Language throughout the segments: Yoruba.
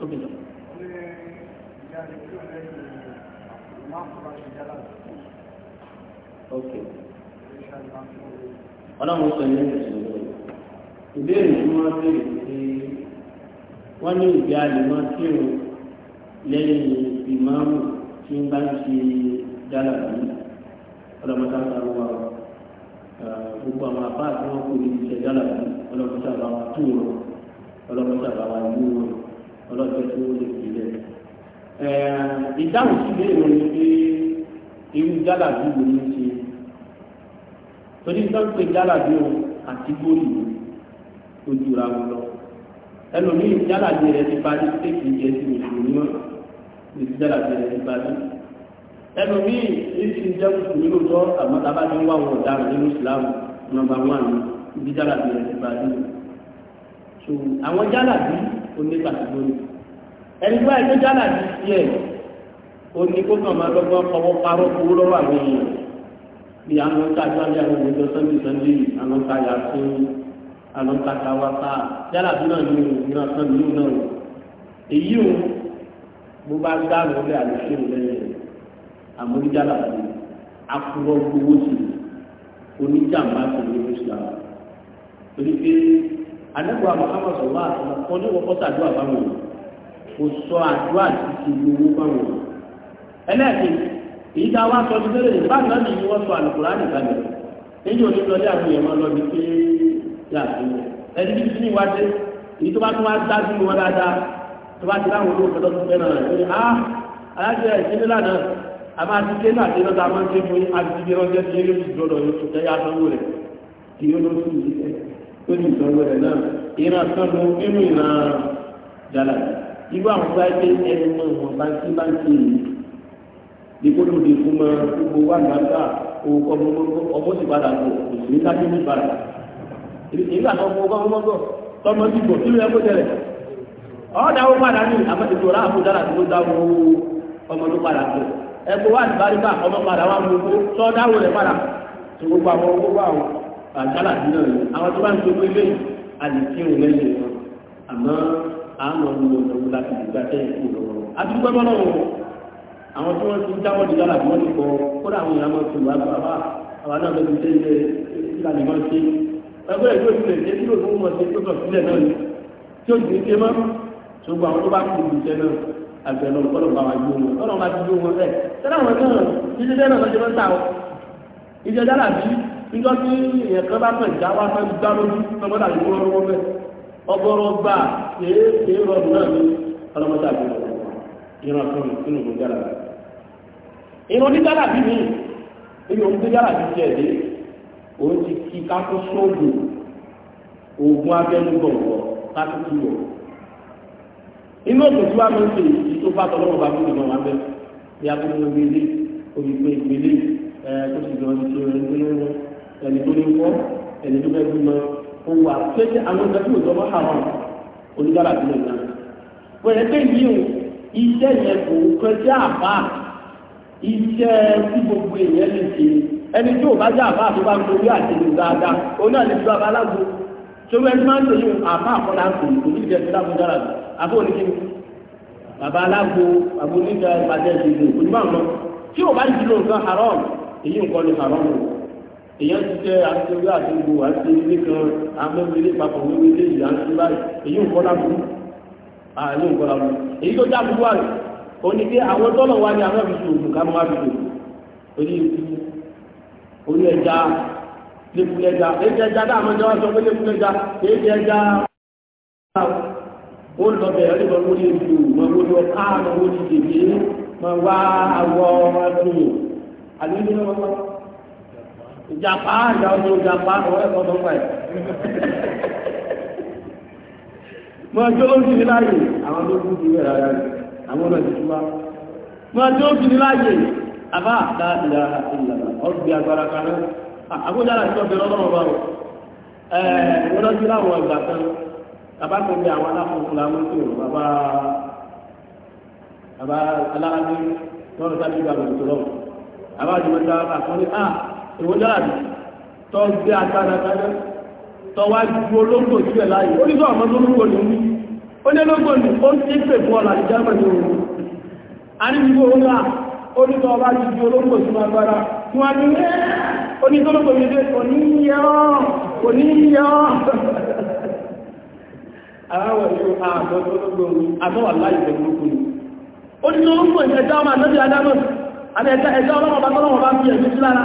tóbi lọ. ok ọlọ́run sọ ilé ìṣòro ìbéèrè tí wọ́n béèrè pé wọ́n ní ìgbé àlùmọ́ kírun lẹ́yìn ìmáàmù tí ń bá ń ṣe dára yìí ọlọ́mọta sáré wa gbogbo àwọn apá àti wọn kò ní ìṣẹ̀dá làwọn ọlọ́mọta bá wa tó wọn ọlọ́mọta bá wa yí wọn ọlọ́jọ́ tó lè fi lẹ̀. ìdáhùn sí ilé ìwé ni pé irú jálàbí wo ni ṣe torí tó ń pe jálàbí o àti bóyì o jura wọn lọ ẹlòmíì jálàbí rẹ ti parí stéèkì jẹ sí mùsùlùmí mọ ní ti jálàbí rẹ ti parí ẹlòmíì èsì ń jẹ mùsùlùmí lóòótọ́ àmọ́ tábà ti ń wá wọn ọ̀daràn nínú ìsìlámù nọ́mbà wán ní ti jálàbí rẹ ti parí so àwọn jálàbí oníkàtúndóni ẹni tó ẹjọ́ jálà ti fi ẹ̀ oní kó kàn máa lọ́gbọ́n fọwọ́ parọ́ owó lọ́wọ́ àwọn èèyàn bí àwọn ń tajà bí àwọn ìjọ sọ́ndé sọ́ndé àwọn tajà fún àwọn tajà wá sá jálà bí náà ní ìrìnà sọ́ndé yóò náà èyí ò bó bá dá lórí àlùfẹ́ òlẹ́yìn àmóríjálà fún akúrọ̀ gbowó sí oníjàmbá sí ní oṣù torí pé àdẹ́gbà Muhammad sọ̀rọ̀ àtàkọ́ ní wọ́pọ́ sàdúrà báwọn kò sọ àdúrà títí lówó báwọn ẹlẹ́ẹ̀kì èyí tá a wá sọ ní bẹ́rẹ̀ ní báyìí láti ní wọ́n sọ àlùkùrá nìkan lẹ̀ níbi òní lọ dé àwọn èèyàn lọ ní pé yà sí ẹni bí bí wá dé èyí tó bá tún wá dájú wọn dáadáa tó bá ti láwọn olóòfẹ́ lọ́dún fẹ́ràn rẹ̀ pé ah alájẹ ìṣẹ́lẹ̀ lánàá a máa ti ké láti lọ́dọ̀ àwọn ṣe fún àti ibi ránṣẹ́ tí yóò ti dọ́dọ̀ yóò ti tẹ́yà sanwó rẹ̀ kí yóò lọ́ lórí ìtọ́jú rẹ̀ náà ìran sọ́nu nínú ìran jàlá irú àwọn bá dé ẹnu wọn bá sí báńkì yìí dípò fún gbogbo wà òkò ọmọ sì padà òsì ní kájú ní ìgbà tó fún ọgbọ́n tọmọ sí bọ̀ ó padà ní àmọ́tòtò ọ̀rá àbújára tó ọmọ tó padà bọ̀ wà ọmọ padà wà tọ́ rẹ̀ padà tó gbogbo àwọn bàtàlà nílò yìí àwọn tó bá ń gbogbo ilé yìí a lè kí òun lẹ́yìn wọn àmọ́ àmọ́ ń lo òun láti dìgbà tẹ́ ìkú lọ́wọ́ adúgbò mọ́nà wọn àwọn tí wọ́n ti dáwọ́ di yàrá wọn ti kọ́ kódà àwọn èèyàn máa tún wá gba wá àwọn náà bẹ́ẹ̀ ti ṣe ìlà ní wọ́n ṣe ẹgbẹ́ ìgbẹ́ ìpìlẹ̀ ṣe tí òun mọ̀ ṣe tó kọ̀ sílẹ̀ náà ni tí ó ti ṣe mọ́ ṣùgbọ́n àwọn tó bá kú ìṣẹ́ náà àgbẹ̀lọ́ kọ́lọ̀ bá wa gbó wọn kọ́lọ̀ bá ti gbó wọn bẹ́ẹ̀ tẹ́lẹ̀ àwọn náà ìṣẹ́jẹ́ náà lọ́jọ́ mẹ́ta ìṣẹ́jẹ́ níjọ́ tí èèyàn kan bá kàn já wá fẹ́ gbá lójú tọmọdà yìí wọ́n rọ́wọ́ bẹ́ẹ̀ ọgbọ́rọ̀ gbà kéé kéé rọrùn náà ní ọlọ́mọdé àgbẹ̀wò ìran kan nínú ìlú gára ìran ní gára bí mi nínú ìlú gára bí tiẹ̀ dé òun ti kí kákó sóògùn oògùn abẹ́nú gbọ̀ngàn kákó kí wọ̀ inú òkè tí wàá mẹ́sẹ̀ yìí tó bá tọ́lọ́mọ bá fún ìmọ̀ wọn bẹ́ẹ̀ ní agbóhùn ìgbélé olùgbé ìgbélé ẹ̀ ńkọ́ ẹni tó fẹ́ bí mọ́ ó wà pẹ́ẹ́tẹ́ àwọn ìgbà tí òjò máa hàn onígbàrà bí mẹ́ta. pẹ̀lẹ́ pé yíò iṣẹ́ yẹn kò kọjá àbá iṣẹ́ tí gbogbo èèyàn lè ṣe ẹni tí ò bá jẹ́ àbá tó bá ń torí àtẹnu dáadáa òun náà lè fi bàbá alágbó tó bẹ́ẹ̀ máa ń tẹ̀lé àbá àkọ́lá kò kò ní ìjẹ́ ìjọba dára àbó oníkíni bàbá alágbó àbó oníkíni àbájẹ́ ìṣègùn òjúmọ̀ àwọn tí ò bá ń jìlọ nǹkan haram èyí nǹkan ni haram o èyàn ti jẹ́ àtúntò àdúgbò àti ilé kan amẹ́mẹ́lé papọ̀ wíwílé ìyànjú báyìí èyí ń kọ́lá burú ààrẹ ń kọ́lá burú èyí tó já burú àrẹ ó ní pé àwọn tọ́lọ̀ wá ní àwọn ìṣòro ògùn ká máa fi lò orí ikú orí ẹja lẹ́kùlẹ́ja èyí ẹja náà máa jẹ́wọ́ sọ pé lẹ́kùlẹ́ja èyí ẹja ó lọ bẹ̀rẹ̀ lọ́wọ́ lórí èdè òun lórí ọ̀ká lọ́wọ́ lórí èdè máa wá àwọ̀ ọmọ ìjàpá àjà ọdún ìjàpá ọwọ́ ẹ̀kọ́ tó mo ẹjọ́ ló láàyè àwọn tó kú ti rẹ̀ rẹ̀ àwọn ọ̀nà ti túwá. mo ẹjọ́ ló ń fi ní láàyè àbá àtàlà ìlànà ọgbẹ́ agbára kan náà àkójá àti ọbẹ̀ lọ́wọ́ bá wọn. ẹ̀ẹ́dẹ́gbẹ́ lọ́jọ́ láwọn ẹgbà kan bàbá tó bí àwọn aláfọ̀ọ́kù làwọn tó bàbá bàbá aláàbí lọ́rọ̀ sábẹ́ ìgbà lọ́wọ́ àbá àjùmọ̀ ìwọ́dáàrí tọ́ gbé agbádágbádá tọ́ wá ju olóńgbò sílẹ̀ láàyè ó nígbà ọmọ tó lóńgbò ní onélógbò ní ó ti pè fún ọ̀là ní germany òun arígbó ńlá onítọ̀ ọba ti ju olóńgbò sí agbára fún wa ní onítọ́lógbò yìí dé kò ní yẹ ọ́ kò ní yẹ ọ́ àwọn ní àtọ́wà láyé onítọ́lógbò yìí ẹja ọmọ àtọ́jú adámọ̀ àti ẹja sí lára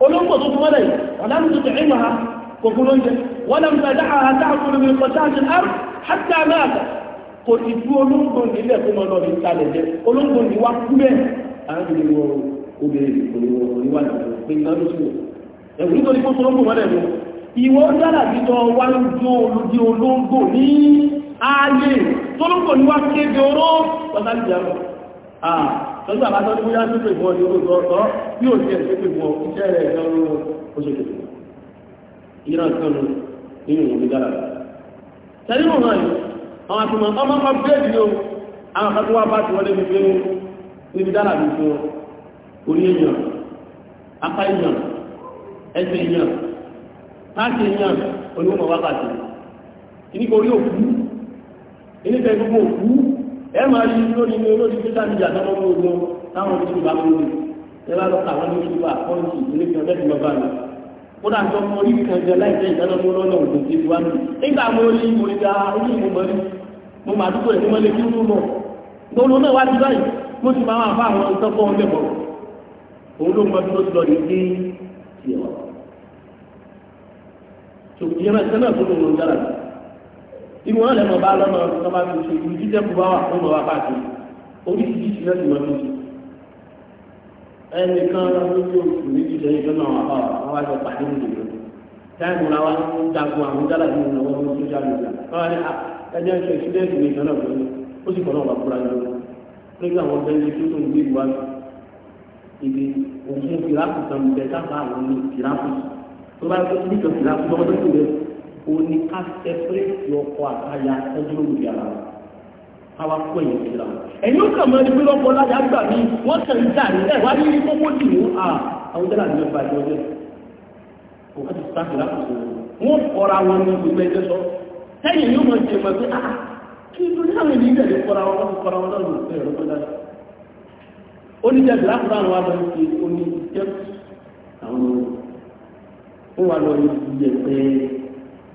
olóńgbò tó fi mọ́lẹ̀ wàlá ní tuntun ìmọ̀ ha kò fún oúnjẹ wọ́n lọ fẹ́ dáhà ha dáhà fún omi kọjá àti àrùn hátà náà kò sì tú olóńgbò nílẹ̀ fún ọlọ́ mi kalẹ̀ jẹ olóńgbò ní wá kú bẹ́ẹ̀ àwọn ìlú wọn obìnrin kò ní wọn ní wá pé iná ló sì wọ ẹ̀wù nítorí kó olóńgbò mọ́lẹ̀ mú ìwọ dára bí tọ́ wá ń jó olódi olóńgbò ní ààyè tólóńgbò ní wá kéde oró wọ́n sáré lọ́jọ́ bàbá tó ní bóyá tó pè mọ́ ní oṣù ọ̀tọ́ bí ò tiẹ̀ tó pè mọ́ iṣẹ́ rẹ̀ lọ́rọ́ oṣù tó ìran kan nù nínú ìwọ̀n ní dára. tẹ́lẹ̀ mọ̀ náà yìí àwọn àtùmọ̀ ọmọ ọmọ bírèdì ni ó àwọn kan tó wá bá ti wọlé ní pé níbi dára mi fún orí èèyàn apá èèyàn ẹsẹ̀ èèyàn láti èèyàn onímọ̀ wákàtí ìníkò orí òkú ìníkò ìgbógbó òkú ẹ máa rí lórí ní olórí pé sáà níjà tọ́wọ́ gbogbo táwọn oṣù bá mú mi ẹ bá lọ àwọn oṣù bá àkọ́ǹtì ilé kan lẹ́sìn lọ́ba mi ó dà tó mọ orí láìpẹ́ lọ́nà òdò ti wá nígbà mo rí mo rí orí mo mọ̀ rí mo dúpọ̀ mọ́lẹ̀ kí ó náà wá ti báyìí mo ti máa àwọn ìtọ́kọ́ irú wọn lẹ́mọ̀ bá lọ́nà tó bá fi ṣe ìlú jíjẹ́ kó bá wà fún ọmọ wa bá ti oríṣiríṣi náà ti mọ̀ ní ti ẹnìkan lójú oṣù méjì lẹ́yìn tó náà wà bá wà wọ́n wá jọ pàdé nìyẹn táìmù la wá ń jagun àwọn jálà nínú ìnáwó ní sójà lójà wọ́n wá ní ah, ẹjẹ́ ń ṣe ìṣúdẹ́ẹ̀sì mi ìtọ́nà fún mi ó sì fọ́nà wà fúra yẹn lọ nígbà wọn bẹ́ẹ̀ ní tó tó ń gbé ìwà ibi òun fún fìlàkù kan bẹ̀ káfà àwọn fìlàkù tó bá tó ní kan fìlàkù tó bá òní ká sẹpẹrẹtì ọkọ àtàyà ẹjọ́ olùyà rà káwá kó èyàn sí ra ẹ̀yìn ó kàn mọ́ ẹni pé lọ́pọ̀ láyà gbà mí wọ́n kàn ń dàrí ẹ̀ wá ní kókó dì mú à àwọn jẹ́lá ní ọba ìjọ jẹ́ òkè ti sáfì lákòóso wọn fọra wọn ní gbogbo ẹjẹ sọ sẹ́yìn yóò mọ̀ ṣe mọ̀ pé ah kí ló ní àwọn ènìyàn ìdẹ̀lẹ̀ fọra wọn lọ́dún fọra wọn lọ́dún ìfẹ́ ẹ̀rọ pẹ́lá oníjẹ̀bìlá fúnra wọn lọ sí oní jẹ́ àwọn ó wà lọ yẹ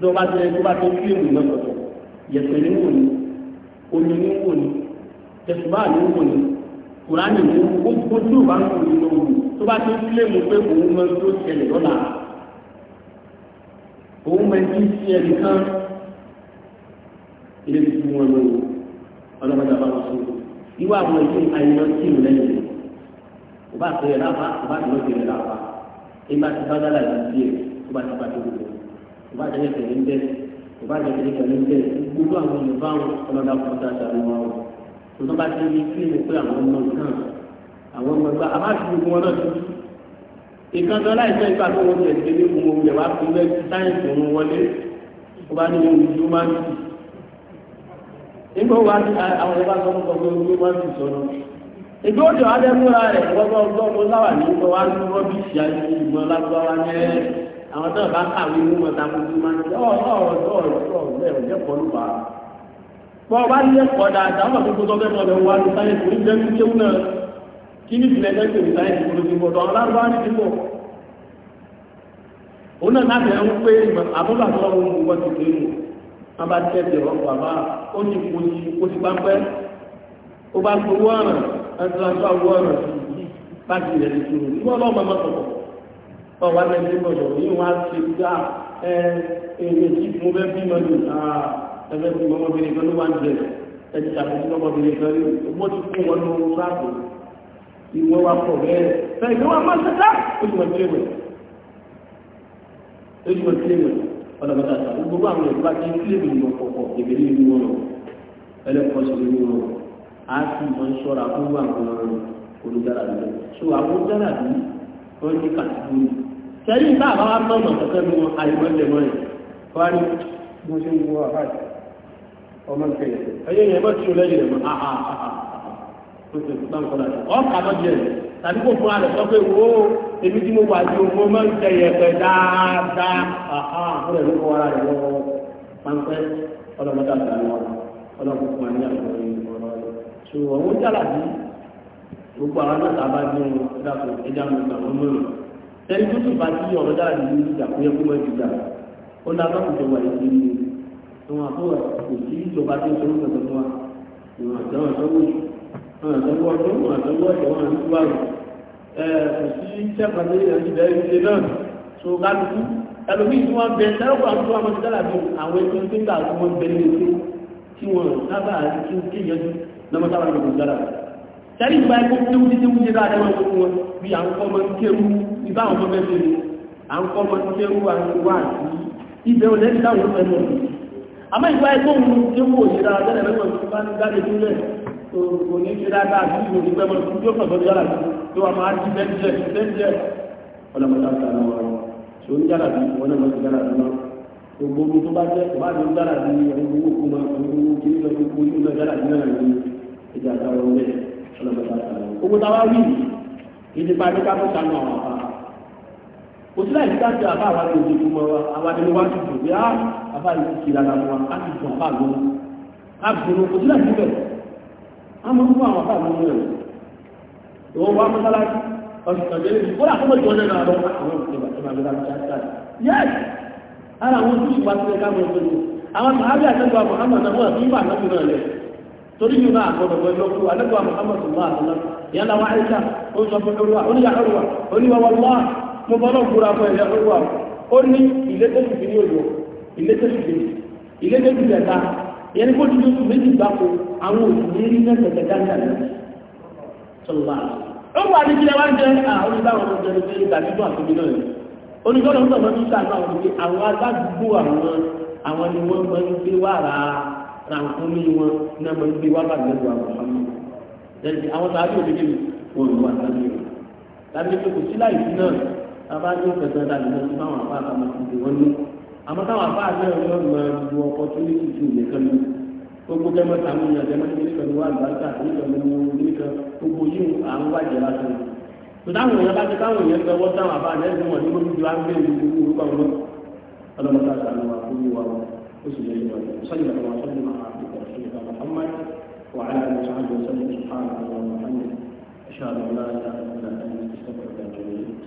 tó bá tẹ tó bá tó kí èmi lọ́sọ̀tọ̀ yẹ̀pẹ̀ ní wò ni omi ní wò ni tẹ̀sùbá ní wò ni kùránì ní wò ó tí ò bá ń wò ní lọ́wọ́ tó bá tó kí èmi pé òun mọ tó ṣẹlẹ̀ lọ́la òun mọ tí ń kan ilé tuntun wọn lọ́wọ́ ọlọ́mọdé àbáwọ̀ sọ́wọ́ irú àwọn ìlú àyìnbó tí ìlú lẹ́yìn rẹ̀ kò bá láfa kò bá láfa ìgbà tí bá dá kò bá jẹ́ kẹ̀lé ń bẹ́ kò bá jẹ́ kẹ̀lé kẹ̀lé ń bẹ́ gbogbo àwọn èèyàn bá wọn ọlọ́dà kọ́ta ṣàlù wọn o tuntun bá ti rí kí ni pé àwọn ọmọ náà àwọn ọmọ ẹgbẹ́ àbá ti gbogbo wọn náà tó ìkan tó láìpẹ́ ìgbà tó wọ́n tẹ̀sí ní ohun oúnjẹ wá fún bẹ́ẹ̀ tí sáyẹ̀nsì òun wọlé ó bá ní ohun tí ó máa ń tì nígbà wo àwọn ẹgbẹ́ sọ́kùn kan pé tí ó máa ń tì sọ́nà ìgbà ó jọ adẹ́kúnra rẹ̀ gbọ́gbọ́ gbọ́gbọ́ láwà àwọn tó bá kàwé mú mọ̀ta gbogbo máa ń jẹ́ ọ̀rọ̀ ọ̀rọ̀ ọ̀rọ̀ ọ̀rọ̀ lẹ́rọ̀ jẹ́kọ̀ọ́ lùbà. bọ́ ọba ní ẹ̀kọ́ dáadáa ọmọ tuntun tó fẹ́ mọ̀ bẹ́ẹ̀ wá ní sáyẹ̀nsì ní jẹ́ ní kéwù náà kí ní ìfilẹ̀ jẹ́sẹ̀ ní sáyẹ̀nsì kúrò sí bọ̀ tọ́lá ló wá ní ti bọ̀. òun náà láti ẹ̀ ń pé àbúrò àtọ́wọ́ ohun wọ́n ti kéwù wọ́n bá tẹ̀ tẹ̀ ọkọ̀ àbá ó ti kú sí ó ti pápẹ́ ó bá gbowó ọ̀ràn ẹ̀ ọwọ́ alẹ́gbẹ́ bọ̀yọ̀ yìí wọ́n á ṣe gbá ẹ̀ẹ́dẹ̀ tí mo fẹ́ bí mọ́ ní ẹgbẹ́ tí mo mọ́bìnrin kan ló wá ń jẹ ẹni ṣàkóso ọmọbìnrin kan rí wọ́n ti fún wọn lóhun sáàpù ìwọ́n wa pọ̀ bẹ́ẹ̀ fẹ́ ìgbé wa máa ṣẹ́ta oṣù mọ̀tílé mọ̀ oṣù mọ̀tílé mọ̀ ọ̀dọ̀mọ̀tà gbogbo àwọn ẹ̀gbá tí ilé mi mọ̀ pọ̀pọ̀ ìbèrè ìlú wọn lọ ẹlẹ́kọ̀ọ́ sí ìlú wọn a sì máa ń ṣọ́ra fún àwọn olùdáradì so àwọn olùdáradì wọ́n ní kàtìkúrú sẹ́yìn tá àbá wa mọ̀ kankan nu àìmọ́lẹ̀ mọ́ yẹn wá ní mo ṣe ń wo àbá yìí ọmọ nǹkan yẹn ẹyẹ yẹn bá tún lẹ́yìn rẹ̀ mọ́ àhà àhà wo ebi tí mo wà ní owó mọ́ ń tẹ yẹn pẹ̀ dáadáa àhà fúnra ìlú kọ́ ara rẹ̀ lọ́wọ́ pàǹpẹ́ ọlọ́mọdé àgbà ọlọ́run fún wa ní àwọn ọ̀rọ̀ rẹ̀ ṣùgbọ́n wọ́n jálàbí gbogbo àwọn náà tá a bá dín wọn dáàbò tẹ́lí tó sì bá tí ọ̀rọ̀ dára nínú ìjà kó yẹ kó mọ̀ ìjà ó ní abákùnjọ wà ní ìlú àwọn àbúrò kò sí ìjọba tó ń sọ ní ọ̀dọ̀ wa ìwọ̀n àtẹwọ̀n àtẹwọ̀ ìwọ̀n àtẹwọ̀ àtẹwọ̀ àtẹwọ̀ àtẹwọ̀ àtẹwọ̀ kò sí sẹ́pà ní ìrìnàjò ìṣe náà tó kálukú ẹlòmíì tí wọ́n bẹ sẹ́wọ́n àti wọn ti àwọn ètò tí ń ibà àwọn ọmọ bẹ́ẹ̀ ni à ń kọ́ ọmọ tí ó wà wá sí ibẹ̀ ò lẹ́yìn táwọn ọmọ ẹ̀mọ́ àmọ́ ìgbà ẹgbẹ́ òun tí ó wò sí dára tẹ́lẹ̀ mẹ́wọ̀n tó bá ní jáde sílẹ̀ kò ní ṣe dáadáa sí ìwò ní pẹ́mọ́ tí ó kàn sọ́dọ̀ yàrá tó wà máa jí bẹ́ẹ̀ bẹ́ẹ̀ ọlọ́mọdé àtàrà wọn tí ó ń yàrá bí wọn náà ti yàrá lọ gbogbo ogun tó bá jẹ́ ọba ní yàrá bí owó kó máa owó kí ní lọ́dún kó ní yàrá bí náà ní ìjà àtàrà wọn bẹ́ẹ̀ ọlọ́mọdé àtàrà owó táwa wí ìdí pa ní ká tó sanu àwọn àpá òtún láì ní káàkiri àbá àwọn àti òjòjò mọ wa àwọn àti wá ti dùn bí á ah, àbá yìí ti kiri ara wọn á ti dùn àbá lọ á bùrù òtún láì níbẹ̀ á máa ń fún àwọn àbá mi níbẹ̀ ìwọ wa mọ́sálásí ọ̀sọ̀tọ̀jẹ́ lè kó làkọ́mọ́ ìwọ náà lọ àwọn òṣèlú àti màmí láti ṣáṣáṣá yẹ́s ara àwọn tó ìwà sílẹ̀ káwọn ọ̀sọ̀tọ̀ wọ́n àti ìbà torí yóò náà àkọ́dọ̀ pẹ̀lú ọkọ̀ àtẹ́gbà Muhammad náà ìyá làwọn àìsà ó sọ fún olúwa oníyà mo bọ́ náà búra fún ẹ̀yà tó wà ó ní ilé tó fi ní òyò ilé tó fi lè ilé tó fi lẹ̀ta ìyẹn kó ti lóṣù méjì gbáko àwọn òṣìṣẹ́ rí mẹ́tẹ̀ẹ̀tẹ̀ dáadáa sọlọ́wà ó wà ní kílẹ̀ wọ́n jẹ́ àwọn ìbáwọn ọmọdé ní ìgbàdúgbò àtúndì náà onígbọ́dọ̀ ń sọ̀rọ̀ nípa àwọn òṣìṣẹ́ àwọn agbádùgbò àwọn àwọn ni wọ́n máa ń gbé wà rà ràǹkúnmí wọn náà máa ń gbé wà bàgbẹ́ wà wọ́n àwọn tàbí òṣìṣẹ́ wọn wà tàbí òṣìṣẹ́ bàbá ní ìfẹsẹ̀ dàbí lọ sí báwọn àbá àtàwọn ti dè wọ́n ní àmọ́ táwọn àbá àgbẹ̀ ọ̀yọ́ mọ ju opportunity ju nìkan ní gbogbo jẹ́mọ́ sàmú ní àjẹmọ́ ní nìkan ní wà lùbáríkà nìkan ní wọn nìkan gbogbo yìí à ń wájẹ lásán tòtáwọn èèyàn bá ti káwọn èèyàn gbẹ wọ́n táwọn àbá àjẹ́ ìwọ̀n ní gbogbo ìjọba ń gbé ìlú gbogbo orúkọ wọn ọlọ́mọta